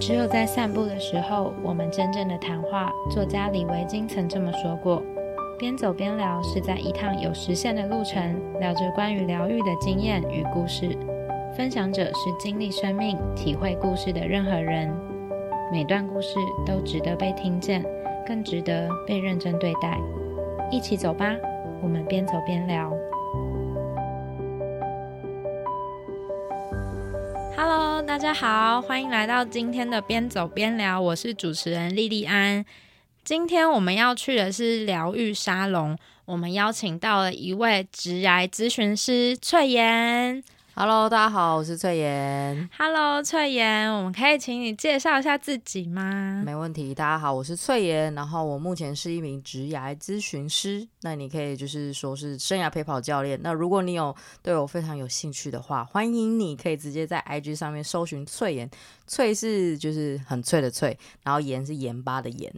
只有在散步的時候，我們真正的談話。作家李維京曾這麼說過：“邊走邊療，是在一趟有實現的路程，聊着關於療癒的經驗與故事。分享者是經歷生命、體會故事的任何人。每段故事都值得被聽見，更值得被認真對待。一起走吧，我們邊走邊療。”大家好，歡迎來到今天的邊走邊療，我是主持人莉莉安。今天我們要去的是療癒沙龍，我們邀請到了一位職涯諮詢師脆鹽。Hello，大家好，我是脆鹽。Hello，脆鹽，我們可以請你介紹一下自己嗎？沒問題，大家好，我是脆鹽。然後我目前是一名職涯諮詢師。那你可以就是說是生涯陪跑教練。那如果你有對我非常有興趣的話，歡迎你可以直接在 IG 上面搜尋脆鹽。脆是就是很脆的脆，然後鹽是鹽巴的鹽。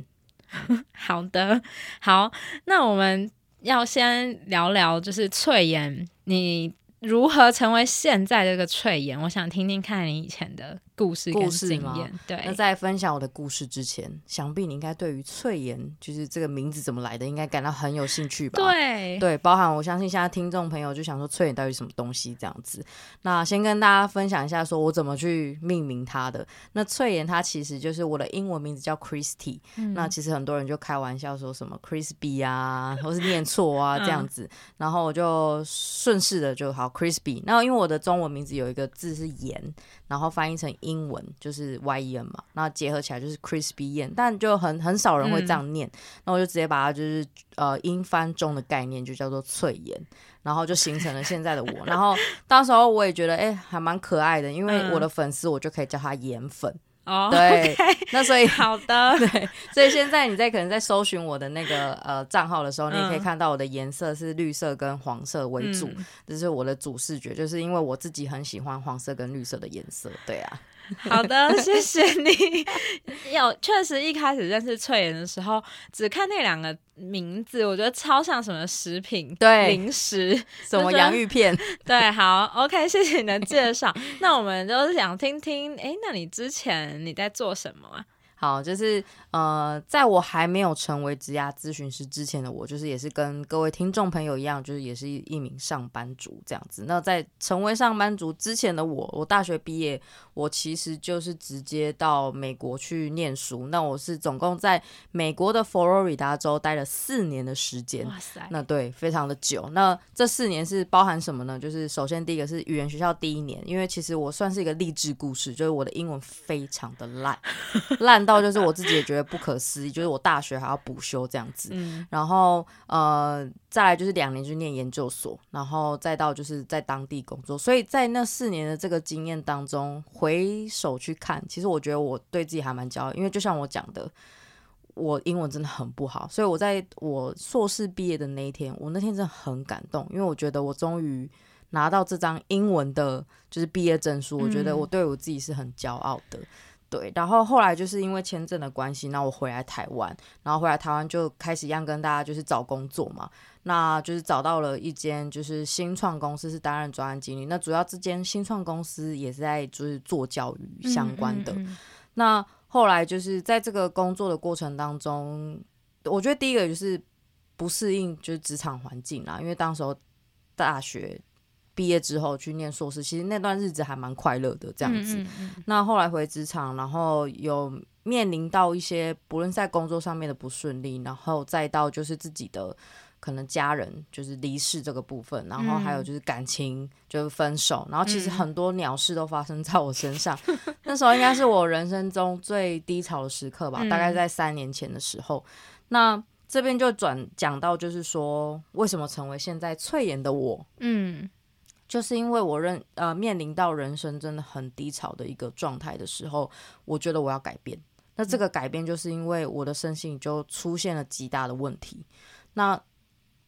好的，好。那我們要先聊聊，就是脆鹽，你，如何成為現在這個脆鹽？我想聽聽看你以前的。故事故事嗎？對。那在分享我的故事之前，想必你應該對於脆鹽就是這個名字怎麼來的，應該感到很有興趣吧？對對，包含我相信現在聽眾朋友就想說脆鹽到底是什麼東西這樣子。那先跟大家分享一下，說我怎麼去命名它的。那脆鹽它其實就是我的英文名字叫 Christy。嗯。那其實很多人就開玩笑說什麼 Crispy 啊，或是念錯啊這樣子。 嗯、然後我就順勢的就好 Crispy。那因為我的中文名字有一個字是鹽，然後翻譯成。英文就是 Y E N 嘛，那結合起來就是 crispy n，但就很很少人會這樣念，嗯、那我就直接把它就是呃英翻中的概念就叫做脆鹽，然後就形成了現在的我 然後到時候我也覺得哎、欸，還蠻可愛的，因為我的粉絲我就可以叫他鹽粉哦。嗯、對，oh, okay 那所以好的，對，所以現在你在可能在搜尋我的那個呃賬號的時候，你可以看到我的顏色是綠色跟黃色為主，嗯、這是我的主視覺，就是因為我自己很喜歡黃色跟綠色的顏色，對啊。好的，謝謝你。有確實一開始認識脆鹽的時候，只看那兩個名字，我覺得超像什麼食品，對零食、什麼洋芋片。對，好，OK，謝謝你的介紹。 那我們就是想聽聽，哎、欸，那你之前你在做什麼啊？好，就是呃，在我還沒有成為職涯諮詢師之前的我，就是也是跟各位聽眾朋友一樣，就是也是一名上班族這樣子。那在成為上班族之前的我，我大學畢業，我其實就是直接到美國去念書。那我是總共在美國的佛羅里達州待了四年的時間。哇塞！那對，非常的久。那這四年是包含什麼呢？就是首先第一個是語言學校第一年，因為其實我算是一個勵志故事，就是我的英文非常的爛，爛。 到 就是我自己也覺得不可思議，就是我大學還要補修這樣子，然後呃、再來就是兩年去念研究所，然後再到就是在當地工作。所以在那四年的這個經驗當中，回首去看，其實我覺得我對自己還蠻驕傲，因為就像我講的，我英文真的很不好，所以我在我碩士畢業的那一天，我那天真的很感動，因為我覺得我終於拿到這張英文的就是畢業證書，我覺得我對我自己是很驕傲的。嗯對，然後後來就是因為簽證的關係，那我回來台灣，然後回來台灣就開始一樣跟大家就是找工作嘛，那就是找到了一間就是新創公司，是擔任專案經理。那主要這間新創公司也是在就是做教育相關的。嗯嗯嗯。那後來就是在這個工作的過程當中，我覺得第一個就是不適應就是職場環境啦，因為當時候大學。畢業之後去念碩士，其實那段日子還蠻快樂的。這樣子，嗯嗯嗯、那後來回職場，然後有面臨到一些，不論在工作上面的不順利，然後再到就是自己的可能家人就是離世這個部分，然後還有就是感情、嗯、就是分手，然後其實很多鳥事都發生在我身上。嗯、 那時候應該是我人生中最低潮的時刻吧，嗯、大概在三年前的時候。那這邊就轉講到，就是說，為什麼成為現在脆鹽的我？嗯。就是因為我認呃面臨到人生真的很低潮的一個狀態的時候，我覺得我要改變。那這個改變就是因為我的身心就出現了極大的問題，那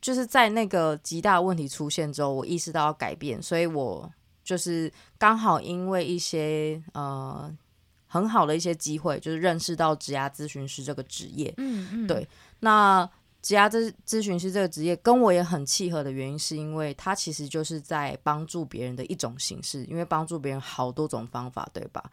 就是在那個極大的問題出現之後，我意識到要改變，所以我就是剛好因為一些呃很好的一些機會，就是認識到職涯諮詢師這個職業。嗯嗯，對，那。職涯諮詢師這個職業跟我也很契合的原因，是因為它其實就是在幫助別人的一種形式，因為幫助別人好多種方法，對吧？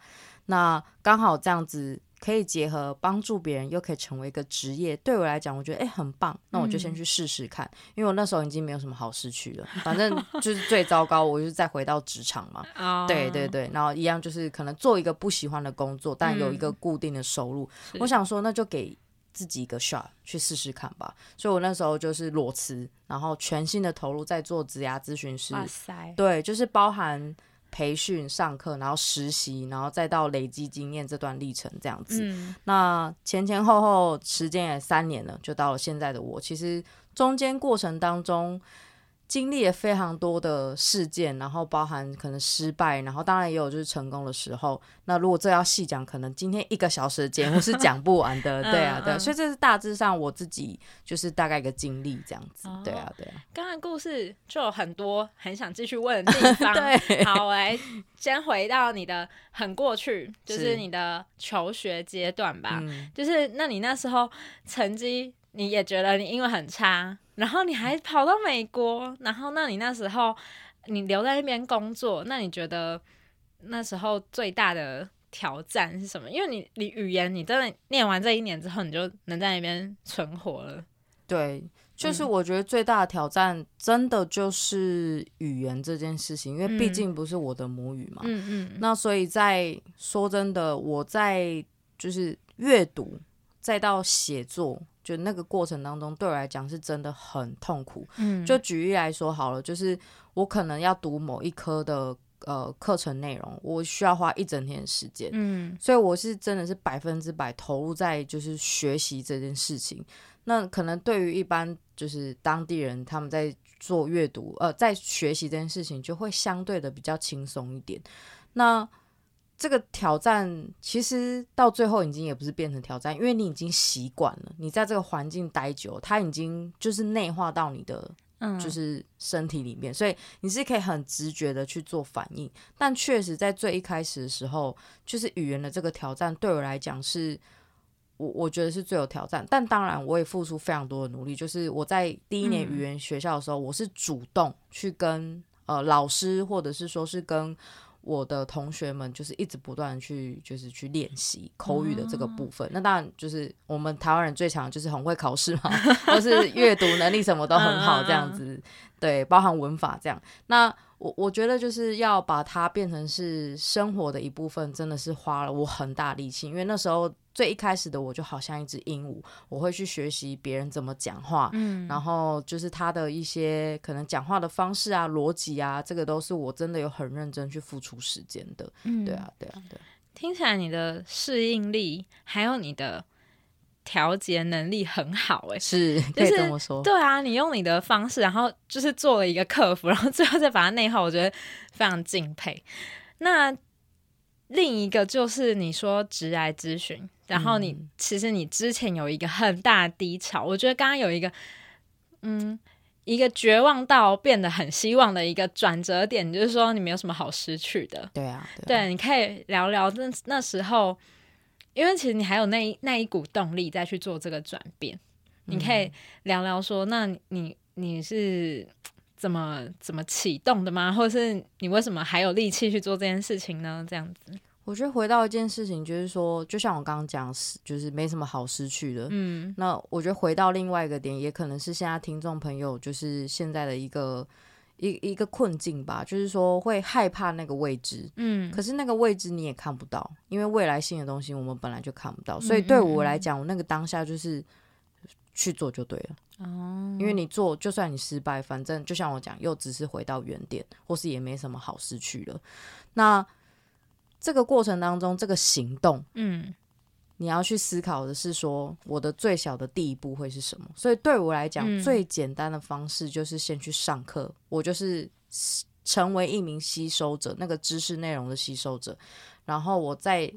那剛好這樣子可以結合幫助別人，又可以成為一個職業。對我來講，我覺得誒、欸，很棒，那我就先去試試看。嗯、因為我那時候已經沒有什麼好失去了，反正就是最糟糕，我就是再回到職場嘛。 對對對，然後一樣就是可能做一個不喜歡的工作，但有一個固定的收入。嗯、我想說，那就給。自己一個 shot 去試試看吧，所以我那時候就是裸辭，然後全心的投入在做職涯諮詢師。哇塞。對，就是包含培訓、上課，然後實習，然後再到累積經驗這段歷程這樣子。嗯、那前前後後時間也三年了，就到了現在的我。其實中間過程當中，經歷了非常多的事件，然後包含可能失敗，然後當然也有就是成功的時候。那如果這要細講，可能今天一個小時的節目是講不完的。 嗯、對啊，對啊，嗯、所以這是大致上我自己就是大概一個經歷這樣子。哦、對啊，對。啊，剛剛故事就有很多，很想繼續問的地方。 對，好，我來先回到你的很過去，就是你的求學階段吧。是嗯、就是那你那時候成績，你也覺得你英文很差？然後你還跑到美國，然後那你那時候你留在那邊工作，那你覺得那時候最大的挑戰是什麼？因為你你語言，你真的念完這一年之後，你就能在那邊存活了。對，就是我覺得最大的挑戰真的就是語言這件事情，因為畢竟不是我的母語嘛。嗯嗯。嗯嗯，那所以在說真的，我在就是閱讀。再到寫作，就那個過程當中，對我來講是真的很痛苦。嗯，就舉例來說好了，就是我可能要讀某一科的呃課程內容，我需要花一整天的時間。嗯，所以我是真的是百分之百投入在就是學習這件事情。那可能對於一般就是當地人，他們在做閱讀呃在學習這件事情，就會相對的比較輕鬆一點。那這個挑戰其實到最後已經也不是變成挑戰，因為你已經習慣了，你在這個環境待久了，它已經就是內化到你的，嗯，就是身體裡面，嗯、所以你是可以很直覺的去做反應。但確實在最一開始的時候，就是語言的這個挑戰對我來講是，我我覺得是最有挑戰。但當然，我也付出非常多的努力。就是我在第一年語言學校的時候，我是主動去跟、嗯、呃老師，或者是說是跟。我的同學們就是一直不斷去，就是去練習口語的這個部分。嗯、那當然就是我們台灣人最強，就是很會考試嘛，就 是閱讀能力什麼都很好這樣子。嗯啊、對，包含文法這樣。那我我覺得就是要把它變成是生活的一部分，真的是花了我很大力氣，因為那時候。最一開始的我就好像一隻鸚鵡，我會去學習別人怎麼講話，嗯，然後就是他的一些可能講話的方式啊、邏輯啊，這個都是我真的有很認真去付出時間的，嗯，對啊，對啊，對啊，對啊。聽起來你的適應力還有你的調節能力很好，哎，是可以這麼說，對啊，你用你的方式，然後就是做了一個克服，然後最後再把它內耗，我覺得非常敬佩。那另一個就是你說職涯諮詢。然後你、嗯、其實你之前有一個很大的低潮，我覺得剛剛有一個，嗯，一個絕望到變得很希望的一個轉折點，就是說你沒有什麼好失去的。對啊，對啊，對，你可以聊聊那那時候，因為其實你還有那一那一股動力再去做這個轉變。嗯、你可以聊聊說，那你你是怎麼怎麼啟動的嗎？或是你為什麼還有力氣去做這件事情呢？這樣子。我覺得回到一件事情，就是說，就像我剛剛講，就是沒什麼好失去的。嗯，那我覺得回到另外一個點，也可能是現在聽眾朋友就是現在的一個一個一個困境吧，就是說會害怕那個未知。嗯，可是那個未知你也看不到，因為未來性的東西我們本來就看不到。所以對我來講，我那個當下就是去做就對了。哦、嗯嗯嗯，因為你做，就算你失敗，反正就像我講，又只是回到原點，或是也沒什麼好失去了。那。這個過程當中，這個行動，嗯，你要去思考的是說，我的最小的第一步會是什麼？所以對我來講，嗯、最簡單的方式就是先去上課，我就是成為一名吸收者，那個知識內容的吸收者，然後我再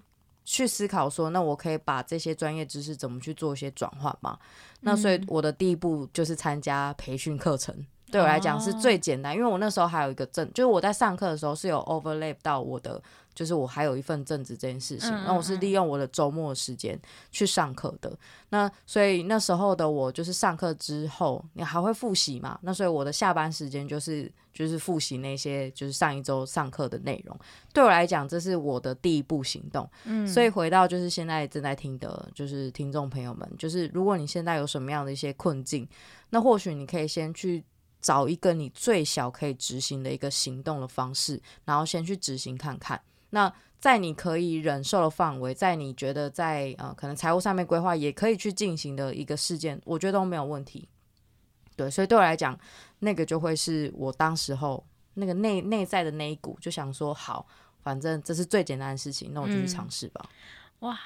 去思考說，那我可以把這些專業知識怎麼去做一些轉換嘛？嗯、那所以我的第一步就是參加培訓課程。對我來講是最簡單，哦、因為我那時候還有一個證，就是我在上課的時候是有 overlap 到我的，就是我還有一份正職這件事情，那、嗯嗯嗯、我是利用我的周末的時間去上課的。那所以那時候的我，就是上課之後你還會複習嘛？那所以我的下班時間就是就是複習那些就是上一周上課的內容。對我來講，這是我的第一步行動。嗯，所以回到就是現在正在聽的，就是聽眾朋友們，就是如果你現在有什麼樣的一些困境，那或許你可以先去。找一個你最小可以執行的一個行動的方式，然後先去執行看看。那在你可以忍受的範圍，在你覺得在呃可能財務上面規劃也可以去進行的一個事件，我覺得都沒有問題。對，所以對我來講，那個就會是我當時候那個內內在的那一股，就想說，好，反正這是最簡單的事情，那我就去嘗試吧。嗯。哇！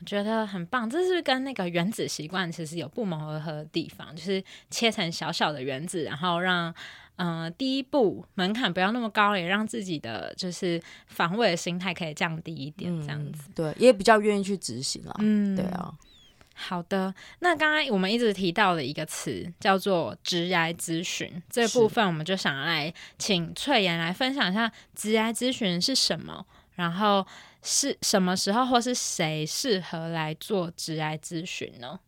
我覺得很棒，這是跟那個原子習慣其實有不謀而合的地方，就是切成小小的原子，然後讓嗯、呃、第一步門檻不要那麼高，也讓自己的就是防衛的心態可以降低一點，這樣子，嗯、對，也比較願意去執行了。嗯，對啊。好的，那剛剛我們一直提到的一個詞叫做“職涯諮詢”，這部分我們就想要來請脆鹽來分享一下“職涯諮詢”是什麼，然後。是什麼時候或是誰適合來做職涯諮詢呢？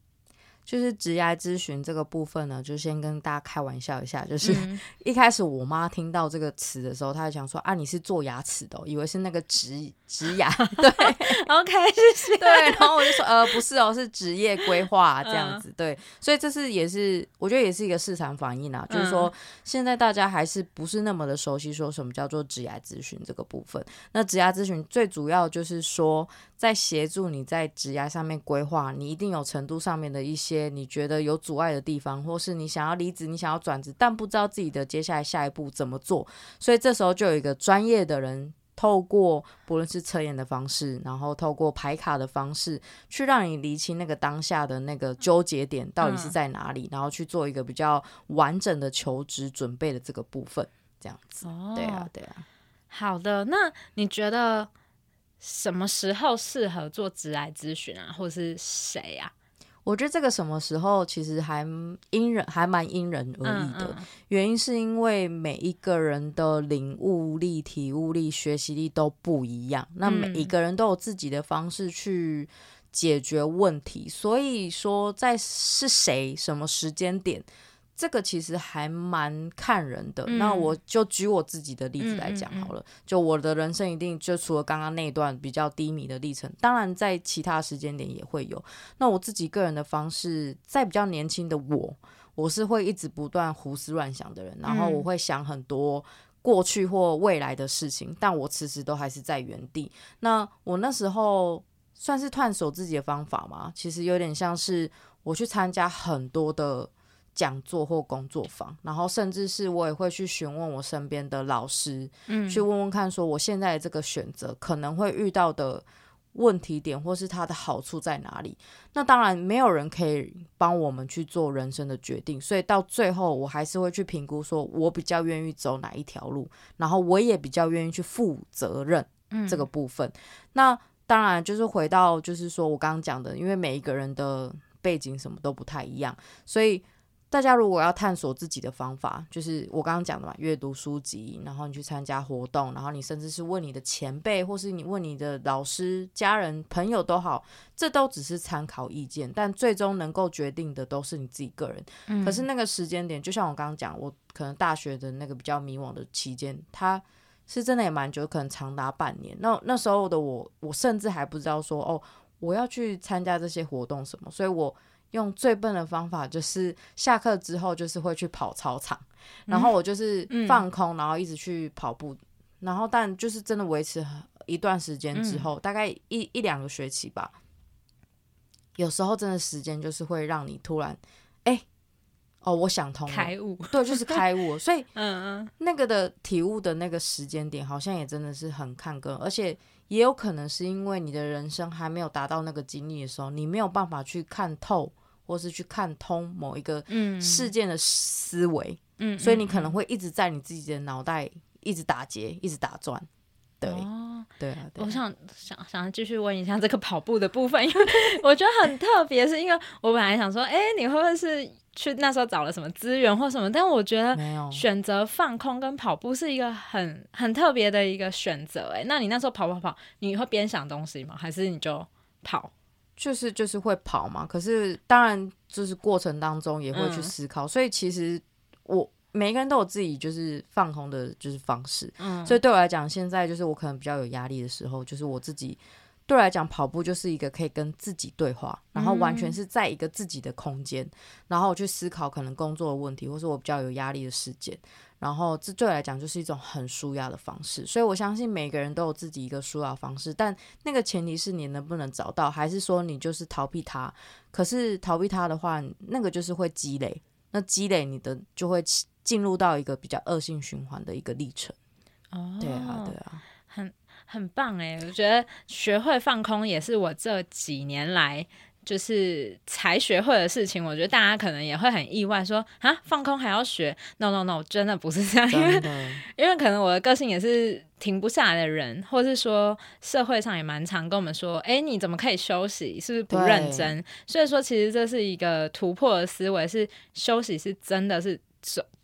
就是職涯諮詢這個部分呢，就先跟大家開玩笑一下。就是、嗯、一開始我媽聽到這個詞的時候，她就想說：“啊，你是做牙齒的、哦，以為是那個植植牙。”對，然後開始對，然後我就說：“呃，不是哦，是職業規劃、啊、這樣子。嗯”對，所以這是也是我覺得也是一個市場反應啊，就是說、嗯、現在大家還是不是那麼的熟悉說什麼叫做職涯諮詢這個部分。那職涯諮詢最主要就是說。在協助你在職涯上面規劃，你一定有程度上面的一些你覺得有阻礙的地方，或是你想要離職、你想要轉職，但不知道自己的接下來下一步怎麼做。所以這時候就有一個專業的人，透過不論是測驗的方式，然後透過牌卡的方式，去讓你理清那個當下的那個糾結點到底是在哪裡，嗯、然後去做一個比較完整的求職準備的這個部分，這樣子。哦、對啊，對啊。好的，那你覺得？什麼時候適合做職涯諮詢啊，或是誰啊？我覺得這個什麼時候其實還因人，還蠻因人而異的。嗯嗯，原因是因為每一個人的領悟力、體悟力、學習力都不一樣，那每一個人都有自己的方式去解決問題。嗯、所以說，在是誰、什麼時間點。這個其實還蠻看人的，嗯、那我就舉我自己的例子來講好了。嗯嗯嗯、就我的人生，一定就除了剛剛那段比較低迷的歷程，當然在其他時間點也會有。那我自己個人的方式，在比較年輕的我，我是會一直不斷胡思亂想的人，嗯、然後我會想很多過去或未來的事情，但我遲遲都還是在原地。那我那時候算是探索自己的方法嘛，其實有點像是我去參加很多的講座或工作坊，然後甚至是我也會去詢問我身邊的老師，嗯，去問問看，說我現在這個選擇可能會遇到的問題點，或是它的好處在哪裡？那當然沒有人可以幫我們去做人生的決定，所以到最後我還是會去評估，說我比較願意走哪一條路，然後我也比較願意去負責任，嗯，這個部分。嗯，那當然就是回到就是說我剛剛講的，因為每一個人的背景什麼都不太一樣，所以。大家如果要探索自己的方法，就是我剛剛講的嘛，閱讀書籍，然後你去參加活動，然後你甚至是問你的前輩，或是你問你的老師、家人、朋友都好，這都只是參考意見，但最終能夠決定的都是你自己個人。嗯。可是那個時間點，就像我剛剛講，我可能大學的那個比較迷惘的期間，他是真的也蠻久，可能長達半年。那那時候的我，我甚至還不知道說，哦，我要去參加這些活動什麼，所以我。用最笨的方法，就是下課之後就是會去跑操場，嗯、然後我就是放空，然後一直去跑步，嗯、然後但就是真的維持一段時間之後，嗯、大概一一兩個學期吧，有時候真的時間就是會讓你突然，哎、欸，哦，我想通了，開悟，對，就是開悟， 所以，嗯嗯，那個的體悟的那個時間點，好像也真的是很看個人，而且。也有可能是因為你的人生還沒有達到那個經歷的時候，你沒有辦法去看透，或是去看通某一個事件的思維，嗯，所以你可能會一直在你自己的腦袋一直打結，一直打轉。對，哦，對啊，對啊。我想想想繼續問一下這個跑步的部分，因為我覺得很特別，是因為我本來想說，哎，你會不會是？去那時候找了什麼資源或什麼，但我覺得選擇放空跟跑步是一個很很特別的一個選擇。哎，那你那時候跑跑跑，你會邊想東西嗎？還是你就跑？就是就是會跑嘛。可是當然就是過程當中也會去思考。嗯，所以其實我每一個人都有自己就是放空的，就是方式。嗯，所以對我來講，現在就是我可能比較有壓力的時候，就是我自己。對來講，跑步就是一個可以跟自己對話，然後完全是在一個自己的空間，嗯、然後我去思考可能工作的問題，或是我比較有壓力的事件，然後這對來講就是一種很舒壓的方式。所以我相信每個人都有自己一個舒壓方式，但那個前提是你能不能找到，還是說你就是逃避它？可是逃避它的話，那個就是會積累，那積累你的就會進入到一個比較惡性循環的一個歷程。哦，對啊，對啊。很棒欸，我覺得學會放空也是我這幾年來就是才學會的事情。我覺得大家可能也會很意外說，啊，放空還要學？No No No，真的不是這樣，因為因為可能我的個性也是停不下來的人，或是說社會上也蠻常跟我們說，欸，你怎麼可以休息？是不是不認真？對所以說，其實這是一個突破的思維，是休息是真的是。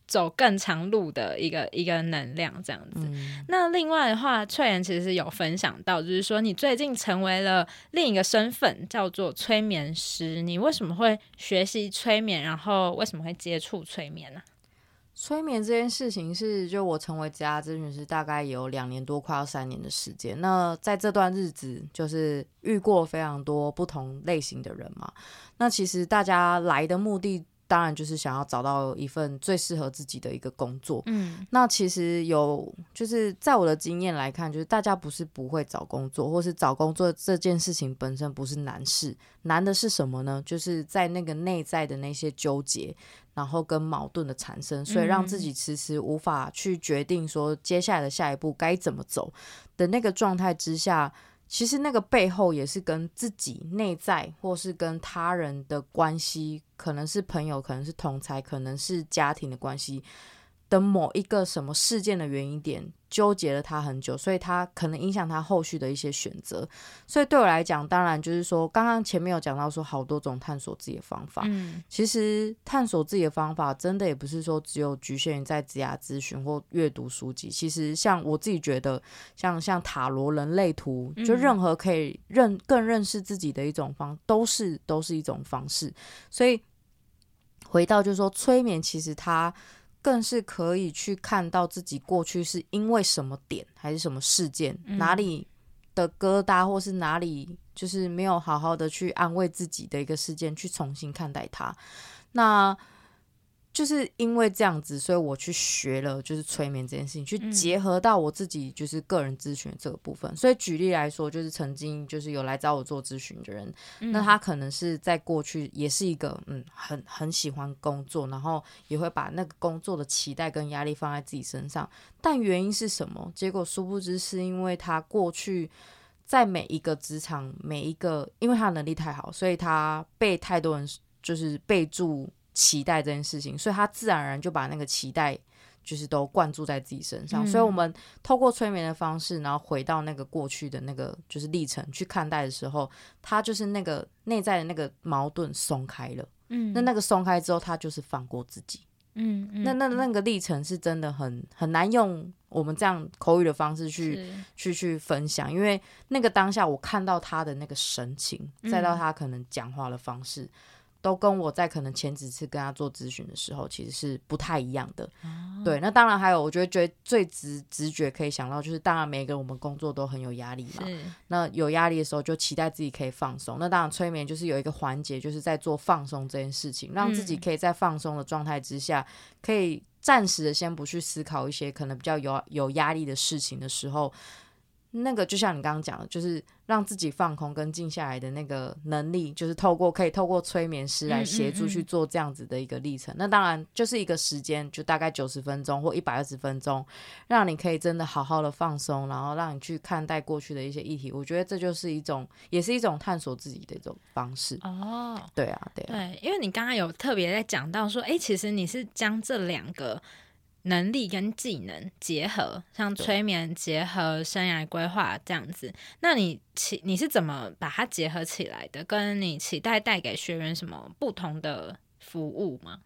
走更長路的一個一個能量這樣子。嗯、那另外的話，脆鹽其實有分享到，就是說你最近成為了另一個身份，叫做催眠師。你為什麼會學習催眠？然後為什麼會接觸催眠呢、啊？催眠這件事情是，就我成為職涯諮詢師大概有兩年多，快要三年的時間。那在這段日子，就是遇過非常多不同類型的人嘛。那其實大家來的目的。當然，就是想要找到一份最適合自己的一個工作。嗯，那其實有，就是在我的經驗來看，就是大家不是不會找工作，或是找工作這件事情本身不是難事，難的是什麼呢？就是在那個內在的那些糾結，然後跟矛盾的產生，所以讓自己遲遲無法去決定說接下來的下一步該怎麼走的那個狀態之下。其實那個背後也是跟自己內在，或是跟他人的關係，可能是朋友，可能是同儕，可能是家庭的關係。的某一個什麼事件的原因點糾結了他很久，所以他可能影響他後續的一些選擇。所以對我來講，當然就是說，剛剛前面有講到說好多種探索自己的方法。嗯，其實探索自己的方法真的也不是說只有局限於在職涯諮詢或閱讀書籍。其實像我自己覺得，像像塔羅、人類圖，就任何可以認更認識自己的一種方，都是都是一種方式。所以回到就是說，催眠其實它。更是可以去看到自己過去是因為什麼點，還是什麼事件，嗯，哪裡的疙瘩，或是哪裡就是沒有好好的去安慰自己的一個事件，去重新看待它。那就是因為這樣子，所以我去學了，就是催眠這件事情，去結合到我自己就是個人諮詢這個部分。嗯、所以舉例來說，就是曾經就是有來找我做諮詢的人，嗯、那他可能是在過去也是一個嗯很很喜歡工作，然後也會把那個工作的期待跟壓力放在自己身上，但原因是什麼？結果殊不知是因為他過去在每一個職場每一個，因為他的能力太好，所以他被太多人就是備注。期待這件事情，所以他自然而然就把那個期待就是都灌注在自己身上。嗯、所以，我們透過催眠的方式，然後回到那個過去的那個就是歷程去看待的時候，他就是那個內在的那個矛盾鬆開了。嗯，那那個鬆開之後，他就是放過自己。嗯，嗯，那那那個歷程是真的很很難用我們這樣口語的方式去是去去分享，因為那個當下我看到他的那個神情，再到他可能講話的方式。嗯都跟我在可能前幾次跟他做諮詢的時候，其實是不太一樣的。哦、對，那當然還有，我覺得最直直覺可以想到，就是當然每個人我們工作都很有壓力嘛。是 那有壓力的時候，就期待自己可以放鬆。那當然催眠就是有一個環節，就是在做放鬆這件事情，讓自己可以在放鬆的狀態之下，可以暫時的先不去思考一些可能比較有有壓力的事情的時候。那個就像你剛剛講的，就是讓自己放空跟靜下來的那個能力，就是透過可以透過催眠師來協助去做這樣子的一個歷程。嗯，嗯，嗯。那當然就是一個時間，就大概九十分鐘或一百二十分鐘，讓你可以真的好好的放鬆，然後讓你去看待過去的一些議題。我覺得這就是一種，也是一種探索自己的一種方式。哦，對啊，對啊。對，因為你剛剛有特別在講到說，哎，其實你是將這兩個。能力跟技能結合，像催眠結合對生涯規劃這樣子。那你起你是怎麼把它結合起來的？跟你期待帶給學員什麼不同的服務嗎？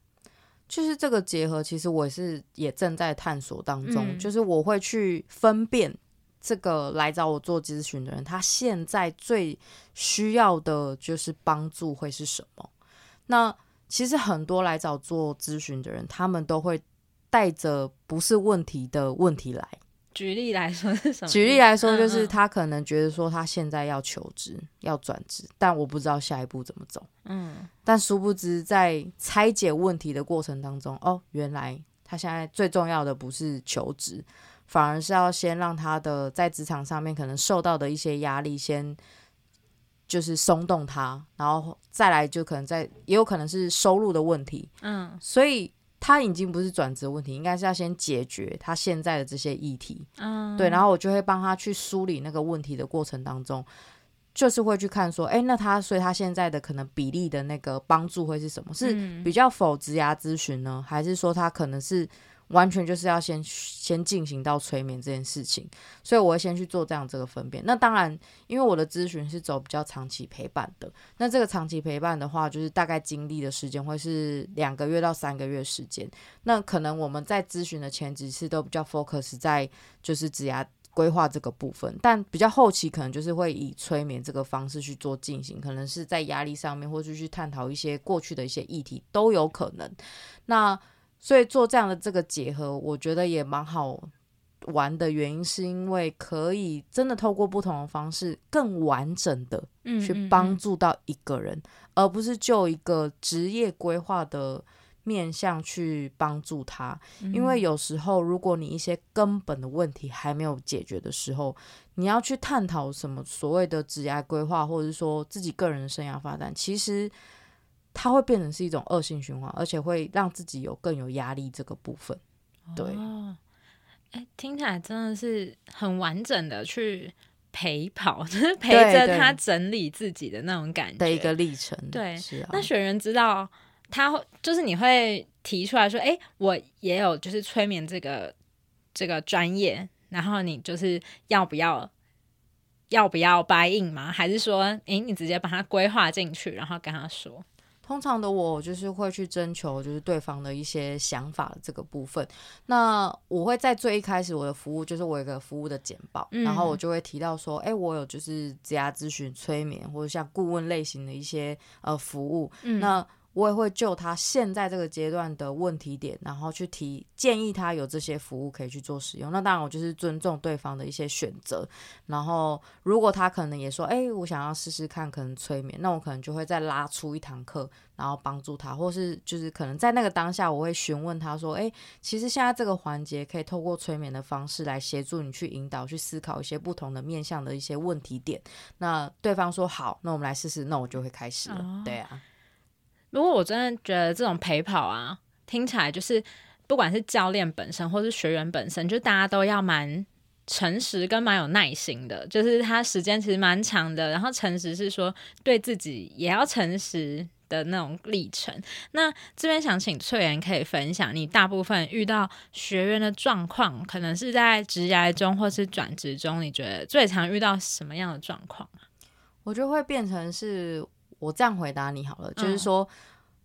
就是這個結合，其實我是也正在探索當中。嗯、就是我會去分辨這個來找我做諮詢的人，他現在最需要的就是幫助會是什麼。那其實很多來找我做諮詢的人，他們都會。帶着不是問題的問題來，舉例來說是什麼？舉例來說，就是他可能覺得說他現在要求職，嗯嗯要轉職，但我不知道下一步怎麼走。嗯，但殊不知在拆解問題的過程當中，哦，原來他現在最重要的不是求職，反而是要先讓他的在職場上面可能受到的一些壓力先就是鬆動他，然後再來就可能再也有可能是收入的問題。嗯，所以。他已經不是轉職問題，應該是要先解決他現在的這些議題，嗯，對，然後我就會幫他去梳理那個問題的過程當中，就是會去看說，哎，那他所以他現在的可能比例的那個幫助會是什麼？是比較否職涯諮詢呢，還是說他可能是？完全就是要先先進行到催眠這件事情，所以我會先去做這樣這個分辨。那當然，因為我的諮詢是走比較長期陪伴的，那這個長期陪伴的話，就是大概經歷的時間會是兩個月到三個月時間。那可能我們在諮詢的前幾次都比較 focus 在就是職涯規劃這個部分，但比較後期可能就是會以催眠這個方式去做進行，可能是在壓力上面，或是去探討一些過去的一些議題都有可能。那。所以做這樣的這個結合，我覺得也蠻好玩的原因，是因為可以真的透過不同的方式，更完整的去幫助到一個人，而不是就一個職業規劃的面向去幫助他。因為有時候，如果你一些根本的問題還沒有解決的時候，你要去探討什麼所謂的職業規劃，或者說自己個人的生涯發展，其實。它會變成是一種惡性循環，而且會讓自己有更有壓力這個部分。對，哎、哦欸，聽起來真的是很完整的去陪跑，就是對 陪着他整理自己的那種感覺的一個歷程。對，是啊、那學員知道他就是你會提出來說，哎、欸，我也有就是催眠這個這個專業，然後你就是要不要要不要 buy in 嗎？還是說，哎、欸，你直接把他規劃進去，然後跟他說？通常的，我就是會去徵求就是對方的一些想法這個部分，那我會在最一開始我的服務，就是我有一個服務的簡報，嗯、然後我就會提到說，哎、欸，我有就是職涯諮詢、催眠或者像顧問類型的一些呃服務，嗯、那。我也會就他現在這個階段的問題點，然後去提建議，他有這些服務可以去做使用。那當然，我就是尊重對方的一些選擇。然後，如果他可能也說，哎、欸，我想要試試看，可能催眠，那我可能就會再拉出一堂課，然後幫助他，或是就是可能在那個當下，我會詢問他說，哎、欸，其實現在這個環節可以透過催眠的方式來協助你去引導，去思考一些不同的面向的一些問題點。那對方說好，那我們來試試，那我就會開始了。Oh. 對啊。如果我真的覺得這種陪跑啊，聽起來就是不管是教練本身或是學員本身，就大家都要蠻誠實跟蠻有耐心的。就是它時間其實蠻長的，然後誠實是說對自己也要誠實的那種歷程。那這邊想請脆鹽可以分享，你大部分遇到學員的狀況，可能是在職涯中或是轉職中，你覺得最常遇到什麼樣的狀況啊？我就會變成是。我這樣回答你好了，就是說，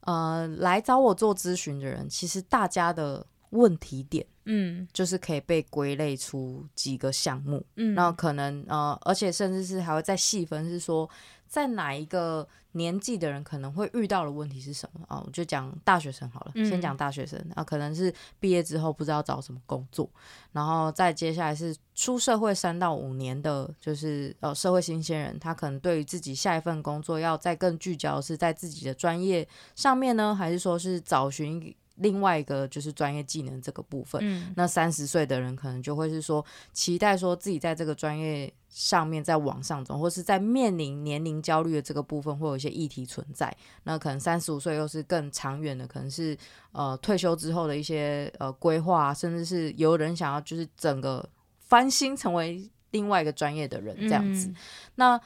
嗯、呃，來找我做諮詢的人，其實大家的問題點，嗯，就是可以被歸類出幾個項目，嗯，然後可能呃，而且甚至是還會再細分，是說。在哪一個年紀的人可能會遇到的問題是什麼啊？我、哦、就講大學生好了，嗯嗯，先講大學生啊，可能是畢業之後不知道找什麼工作，然後再接下來是出社會三到五年的，就是呃、哦、社會新鮮人，他可能對於自己下一份工作要再更聚焦，是在自己的專業上面呢，還是說是找尋？另外一個就是專業技能這個部分，嗯、那三十歲的人可能就會是說期待說自己在這個專業上面，再往上走，或是在面臨年齡焦慮的這個部分，會有一些議題存在。那可能三十五歲又是更長遠的，可能是呃退休之後的一些呃規劃、啊，甚至是有人想要就是整個翻新，成為另外一個專業的人這樣子。嗯、那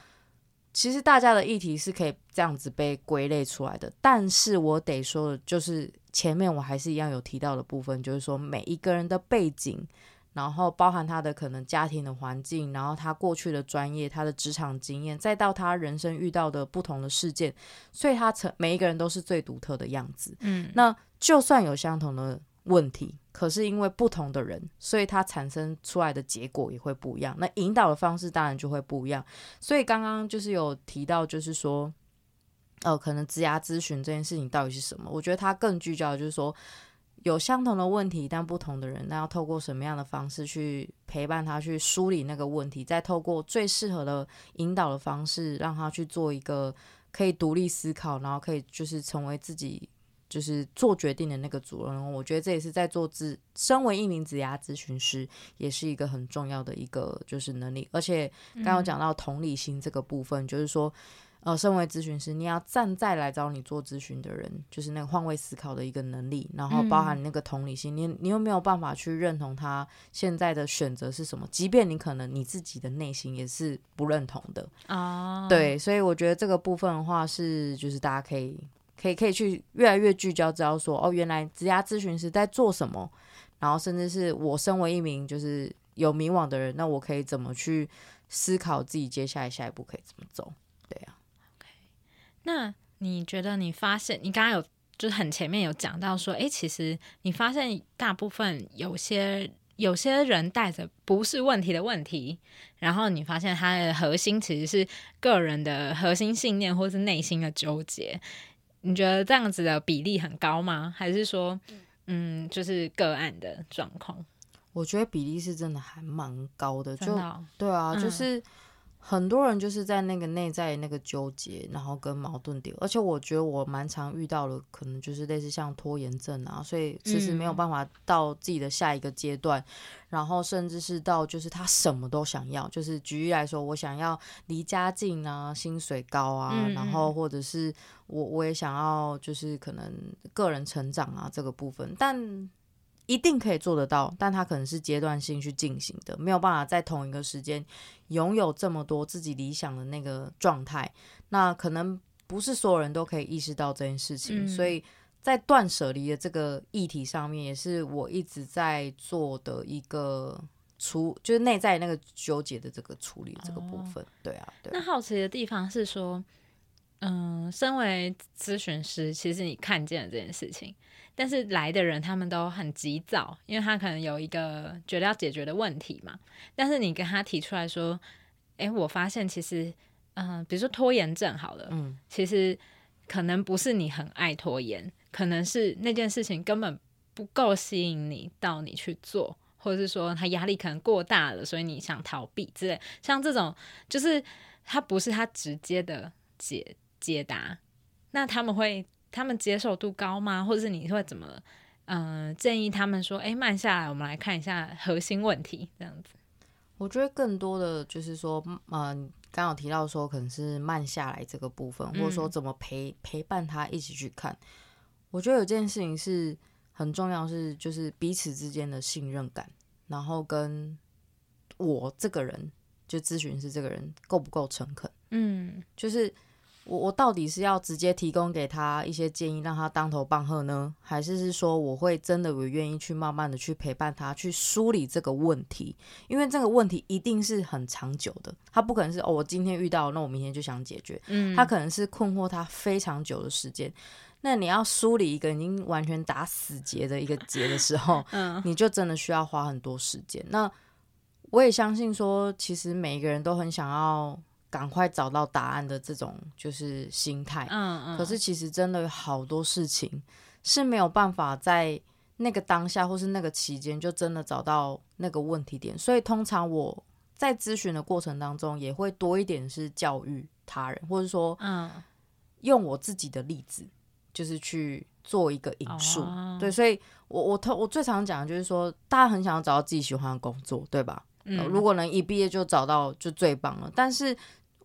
其實大家的議題是可以這樣子被歸類出來的，但是我得說的就是。前面我還是一樣有提到的部分，就是說每一個人的背景，然後包含他的可能家庭的環境，然後他過去的專業，他的職場經驗，再到他人生遇到的不同的事件，所以他成每一個人都是最獨特的樣子。嗯，那就算有相同的問題，可是因為不同的人，所以他產生出來的結果也會不一樣。那引導的方式當然就會不一樣。所以剛剛就是有提到，就是說。呃，可能職涯諮詢這件事情到底是什麼？我覺得他更聚焦的就是說，有相同的問題，但不同的人，那要透過什麼樣的方式去陪伴他，去梳理那個問題，再透過最適合的引導的方式，讓他去做一個可以獨立思考，然後可以就是成為自己就是做決定的那個主人。我覺得這也是在做自身為一名職涯諮詢師，也是一個很重要的一個就是能力。而且剛剛講到同理心這個部分，嗯、就是說。呃，身為諮詢師，你要站在來找你做諮詢的人，就是那個換位思考的一個能力，然後包含那個同理心，嗯、你你又沒有辦法去認同他現在的選擇是什麼，即便你可能你自己的內心也是不認同的啊。哦、對，所以我覺得這個部分的話是，就是大家可以可以可以去越來越聚焦，知道說哦，原來職涯諮詢師在做什麼，然後甚至是我身為一名就是有迷惘的人，那我可以怎麼去思考自己接下來下一步可以怎麼走。那你覺得你發現你剛剛有就是很前面有講到說，誒、欸，其實你發現大部分有些有些人帶着不是問題的問題，然後你發現他的核心其實是個人的核心信念或是內心的糾結。你覺得這樣子的比例很高嗎？還是說，嗯，就是個案的狀況？我覺得比例是真的還蠻高的，真的哦、就對啊，嗯、就是。很多人就是在那個內在那個糾結，然後跟矛盾點，而且我覺得我蠻常遇到了，可能就是類似像拖延症啊，所以其實沒有辦法到自己的下一個階段，嗯、然後甚至是到就是他什麼都想要，就是舉例來說，我想要離家近啊，薪水高啊，嗯嗯然後或者是我我也想要就是可能個人成長啊這個部分，但。一定可以做得到，但它可能是階段性去進行的，沒有辦法在同一個時間擁有這麼多自己理想的那個狀態。那可能不是所有人都可以意識到這件事情，嗯、所以在斷捨離的這個議題上面，也是我一直在做的一個處，就是內在那個糾結的這個處理這個部分。哦、對啊，對啊。那好奇的地方是說，嗯、呃，身為諮詢師，其實你看見了這件事情。但是來的人他們都很急躁，因為他可能有一個覺得要解決的問題嘛。但是你跟他提出來說：“欸，我發現其實，嗯，比如說拖延症好了，嗯，其實可能不是你很愛拖延，可能是那件事情根本不夠吸引你到你去做，或者是說他壓力可能過大了，所以你想逃避之類。像這種就是他不是他直接的解解答，那他們會。”他們接受度高嗎？或者是你會怎麼，嗯、呃，建議他們說，哎、欸，慢下來，我們來看一下核心問題這樣子。我覺得更多的就是說，嗯、呃，剛好提到說，可能是慢下來這個部分，或者說怎麼陪陪伴他一起去看。嗯、我覺得有件事情是很重要，是就是彼此之間的信任感，然後跟我這個人，就諮詢師這個人夠不夠誠懇，嗯，就是。我我到底是要直接提供給他一些建議，讓他當頭棒喝呢，還是是說我會真的我願意去慢慢的去陪伴他，去梳理這個問題？因為這個問題一定是很長久的，他不可能是哦，我今天遇到，那我明天就想解決。嗯，他可能是困惑他非常久的時間。那你要梳理一個已經完全打死結的一個結的時候， 嗯，你就真的需要花很多時間。那我也相信說，其實每一個人都很想要。趕快找到答案的這種就是心態，嗯嗯、可是其實真的有好多事情是沒有辦法在那個當下或是那個期間就真的找到那個問題點，所以通常我在諮詢的過程當中也會多一點是教育他人，或者說，用我自己的例子就是去做一個引述。嗯、對。所以我我頭我最常講的就是說，大家很想要找到自己喜歡的工作，對吧？嗯、如果能一畢業就找到就最棒了，但是。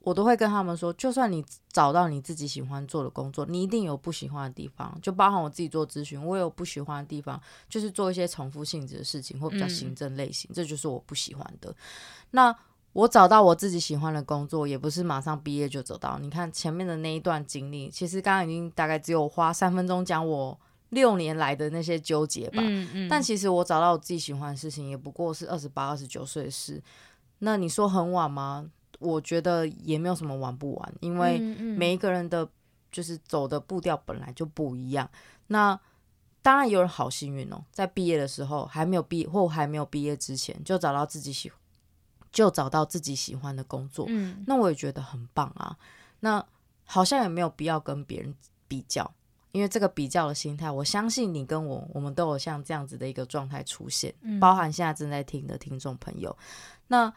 我都會跟他們說，就算你找到你自己喜歡做的工作，你一定有不喜歡的地方，就包含我自己做諮詢，我有不喜歡的地方，就是做一些重複性質的事情，或比較行政類型，嗯、這就是我不喜歡的。那我找到我自己喜歡的工作，也不是馬上畢業就走到。你看前面的那一段經歷，其實剛剛已經大概只有花三分鐘講我六年來的那些糾結吧。嗯嗯，但其實我找到我自己喜歡的事情，也不過是二十八、二十九歲的事。那你說很晚嗎？我覺得也沒有什麼玩不玩，因為每一個人的，嗯嗯、就是走的步調本來就不一樣。那當然有人好幸運哦，在畢業的時候還沒有畢或還沒有畢業之前，就找到自己喜，就找到自己喜歡的工作。嗯、那我也覺得很棒啊。那好像也沒有必要跟別人比較，因為這個比較的心態，我相信你跟我，我們都有像這樣子的一個狀態出現，嗯、包含現在正在聽的聽眾朋友。那。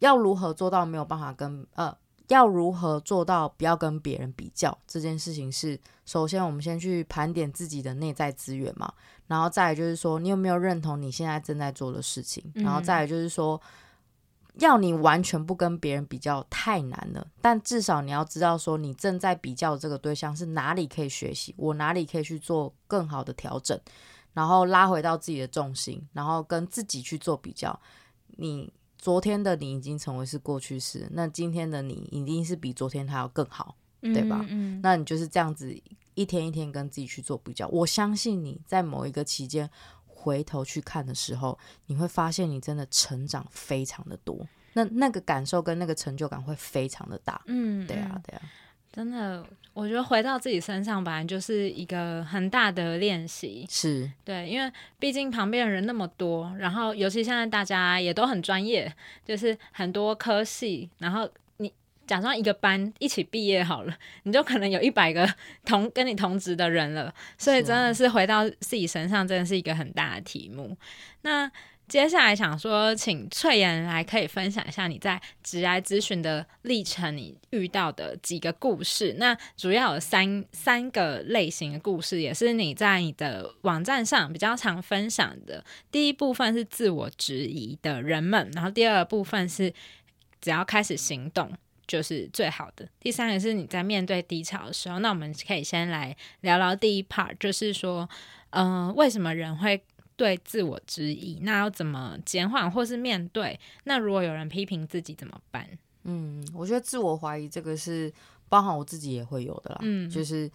要如何做到沒有辦法跟呃，要如何做到不要跟別人比較這件事情是，首先我們先去盤點自己的內在資源嘛，然後再來就是說你有沒有認同你現在正在做的事情，然後再來就是說，要你完全不跟別人比較太難了，但至少你要知道說你正在比較這個對象是哪裡可以學習，我哪裡可以去做更好的調整，然後拉回到自己的重心，然後跟自己去做比較，你，昨天的你已經成為是過去式，那今天的你一定是比昨天還要更好，對吧？嗯嗯，那你就是這樣子一天一天跟自己去做比較，我相信你在某一個期間回頭去看的時候，你會發現你真的成長非常的多，那那個感受跟那個成就感會非常的大，嗯嗯，對啊，對啊。真的，我覺得回到自己身上本來就是一個很大的練習，是對，因為畢竟旁邊的人那麼多，然後尤其現在大家也都很專業，就是很多科系，然後你假裝一個班一起畢業好了，你就可能有一百個同跟你同職的人了，所以真的是回到自己身上，真的是一個很大的題目。啊、那。接下來想說，請脆鹽來可以分享一下你在職涯諮詢的歷程，你遇到的幾個故事。那主要有三三個類型的故事，也是你在你的網站上比較常分享的。第一部分是自我質疑的人們，然後第二部分是只要開始行動就是最好的。第三個是你在面對低潮的時候。那我們可以先來聊聊第一 part，就是說，嗯、呃，為什麼人會？對自我質疑，那要怎麼減緩或是面對？那如果有人批評自己怎麼辦？嗯，我覺得自我懷疑這個是包含我自己也會有的啦。嗯，就是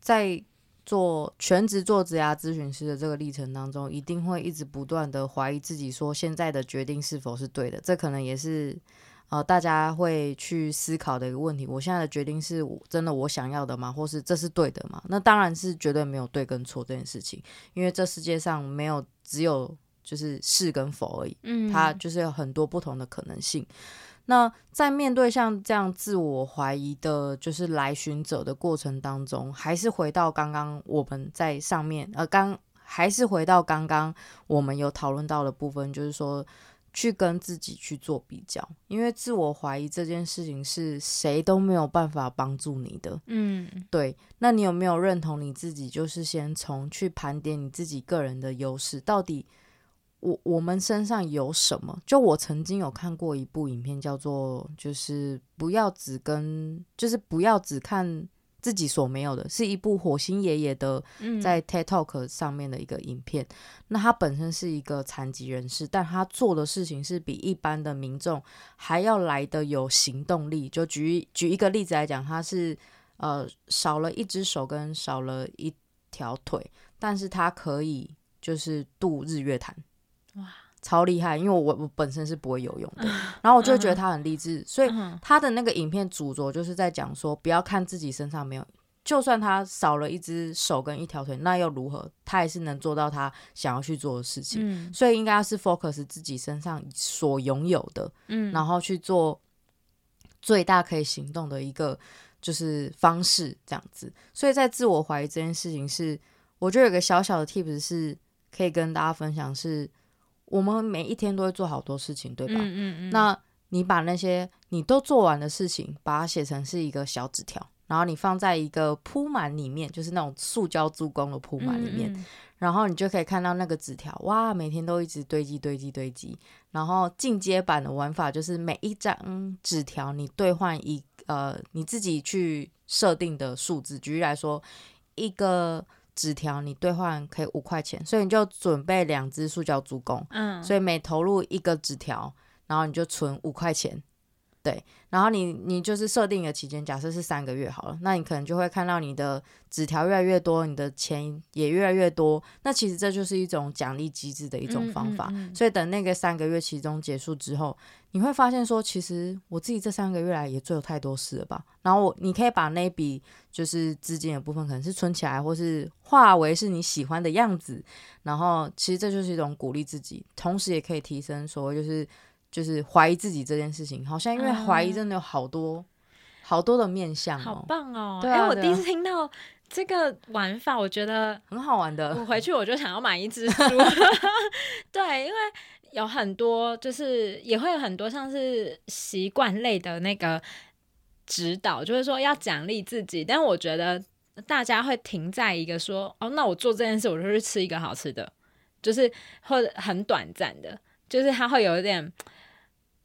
在做全職做職涯諮詢師的這個歷程當中，一定會一直不斷的懷疑自己，說現在的決定是否是對的？這可能也是。呃，大家會去思考的一個問題。我現在的決定是我真的我想要的嗎？或是這是對的嗎？那當然是絕對沒有對跟錯這件事情，因為這世界上沒有只有就是是跟否而已。嗯，它就是有很多不同的可能性。那在面對像這樣自我懷疑的，就是來尋者的過程當中，還是回到剛剛我們在上面呃剛，還是回到剛剛我們有討論到的部分，就是說。去跟自己去做比較，因為自我懷疑這件事情是誰都沒有辦法幫助你的。嗯，對。那你有沒有認同你自己？就是先從去盤點你自己個人的優勢，到底我我們身上有什麼？就我曾經有看過一部影片，叫做“就是不要只跟，就是不要只看”。自己所沒有的，是一部火星爺爺的在 TED Talk 上面的一個影片。嗯、那他本身是一個殘疾人士，但他做的事情是比一般的民眾還要來得有行動力。就舉舉一個例子來講，他是呃少了一隻手跟少了一條腿，但是他可以就是度日月潭。超厲害，因為我我本身是不會游泳的，嗯、然後我就覺得他很勵志，嗯、所以他的那個影片主軸就是在講說，不要看自己身上沒有，就算他少了一隻手跟一條腿，那又如何，他也是能做到他想要去做的事情，嗯、所以應該是 focus 自己身上所擁有的，嗯、然後去做最大可以行動的一個就是方式這樣子，所以在自我懷疑這件事情是，我覺得有個小小的 tips 是可以跟大家分享是。我們每一天都會做好多事情，對吧？嗯嗯嗯。那你把那些你都做完的事情，把它寫成是一個小紙條，然後你放在一個撲滿裡面，就是那種塑膠豬公的撲滿裡面，嗯嗯。然後你就可以看到那個紙條，哇，每天都一直堆積堆積堆積。然後進階版的玩法就是每一張紙條你兌換一呃你自己去設定的數字，舉例來說，一個。紙條你兌換可以五塊錢，所以你就準備兩隻塑膠豬公。嗯，所以每投入一個紙條，然後你就存五塊錢。對，然後你你就是設定一個期間，假設是三個月好了，那你可能就會看到你的紙條越來越多，你的錢也越來越多。那其實這就是一種獎勵機制的一種方法。嗯嗯嗯、所以等那個三個月期間結束之後，你會發現說，其實我自己這三個月來也做了太多事了吧。然後我你可以把那筆就是資金的部分，可能是存起來，或是化為是你喜歡的樣子。然後其實這就是一種鼓勵自己，同時也可以提升所謂就是。就是懷疑自己這件事情，好像因為懷疑真的有好多、啊、好多的面向、哦。好棒哦！哎、啊，我第一次聽到這個玩法，我覺得很好玩的。我回去我就想要買一隻豬。 對，因為有很多就是也會有很多像是習慣類的那個指導，就是說要獎勵自己。但我覺得大家會停在一個說哦，那我做這件事，我就是吃一個好吃的，就是會很短暫的，就是它會有一點。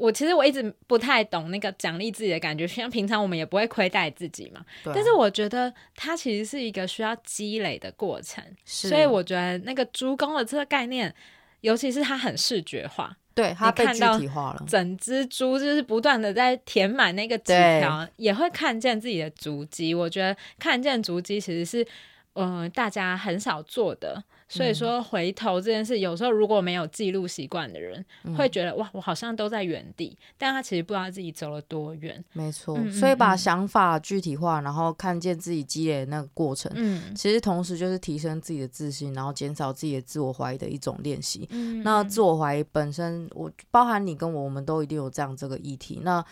我其實我一直不太懂那個獎勵自己的感覺，像平常我們也不會虧待自己嘛。啊、但是我覺得它其實是一個需要積累的過程，是所以我覺得那個豬公的這個概念，尤其是它很視覺化，對，它看到了。整隻豬就是不斷的在填滿那個紙條，對也會看見自己的足跡。我覺得看見足跡其實是，嗯、呃，大家很少做的。所以說，回頭這件事，嗯、有時候如果沒有記錄習慣的人，嗯、會覺得哇，我好像都在原地，但他其實不知道自己走了多遠。沒錯，所以把想法具體化，嗯、然後看見自己積累的那個過程，嗯、其實同時就是提升自己的自信，然後減少自己的自我懷疑的一種練習。嗯、那自我懷疑本身，我包含你跟我，我們都一定有這樣這個議題。那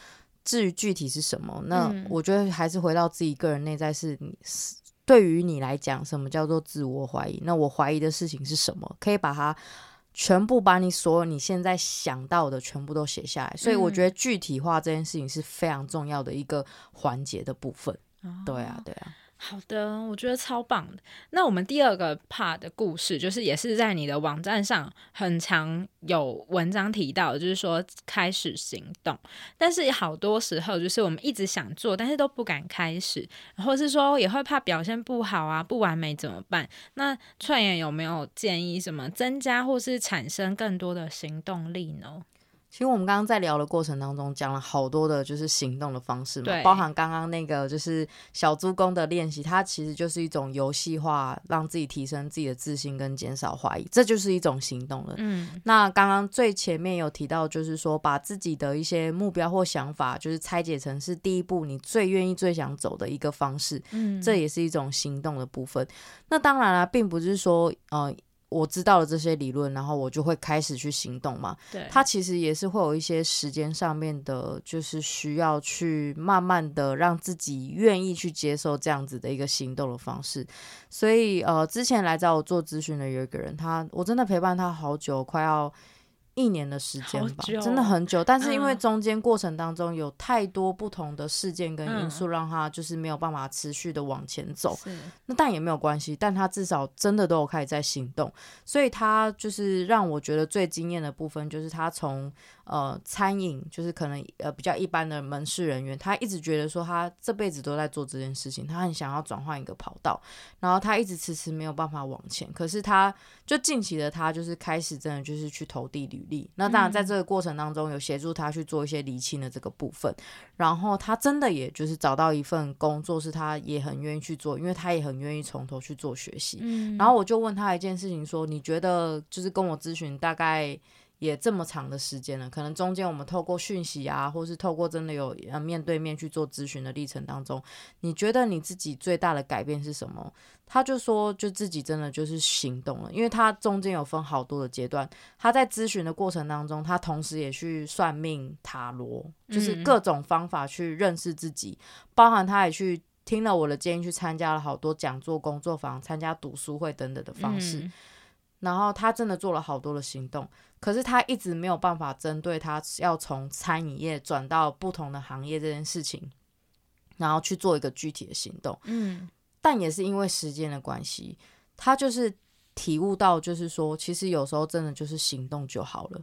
至於具體是什麼，那我覺得還是回到自己個人內在，是你是。嗯對於你來講，什麼叫做自我懷疑？那我懷疑的事情是什麼？可以把它全部把你所有你現在想到的全部都寫下來。所以我覺得具體化這件事情是非常重要的一個環節的部分。嗯、對啊，對啊。好的，我覺得超棒的。那我們第二個 part 的故事，就是也是在你的網站上，很常有文章提到，就是說開始行動，但是好多時候就是我們一直想做，但是都不敢開始，或是說也會怕表現不好啊，不完美怎麼辦？那脆鹽有沒有建議什麼增加或是產生更多的行動力呢？其實我們剛剛在聊的過程當中，講了好多的，就是行動的方式嘛，對包含剛剛那個就是小豬公的練習，它其實就是一種遊戲化，讓自己提升自己的自信跟減少懷疑，這就是一種行動了。嗯，那剛剛最前面有提到，就是說把自己的一些目標或想法，就是拆解成是第一步，你最願意、最想走的一個方式，嗯，這也是一種行動的部分。那當然啦、啊，並不是說，嗯、呃。我知道了這些理論，然後我就會開始去行動嘛。對，他其實也是會有一些時間上面的，就是需要去慢慢的讓自己願意去接受這樣子的一個行動的方式。所以，呃，之前來找我做諮詢的有一個人，他我真的陪伴他好久，快要。一年的時間吧，真的很久。但是因為中間過程當中有太多不同的事件跟因素，讓他就是沒有辦法持續的往前走。那但也沒有關係，但他至少真的都有開始在行動。所以他就是讓我覺得最驚艷的部分，就是他從。呃，餐飲就是可能呃比較一般的門市人員，他一直覺得說他這輩子都在做這件事情，他很想要轉換一個跑道，然後他一直遲遲沒有辦法往前。可是他就近期的他就是開始真的就是去投遞履歷，那當然在這個過程當中有協助他去做一些釐清的這個部分，然後他真的也就是找到一份工作是他也很願意去做，因為他也很願意從頭去做學習。嗯，然後我就問他一件事情說，你覺得就是跟我諮詢大概。也這麼長的時間了，可能中間我們透過訊息啊，或是透過真的有呃面對面去做諮詢的歷程當中，你覺得你自己最大的改變是什麼？他就說，就自己真的就是行動了，因為他中間有分好多的階段，他在諮詢的過程當中，他同時也去算命、塔羅，就是各種方法去認識自己，嗯、包含他也去聽了我的建議，去參加了好多講座、工作坊、參加讀書會等等的方式，嗯、然後他真的做了好多的行動。可是他一直沒有辦法針對他要從餐飲業轉到不同的行業這件事情，然後去做一個具體的行動。嗯，但也是因為時間的關係，他就是體悟到，就是說，其實有時候真的就是行動就好了。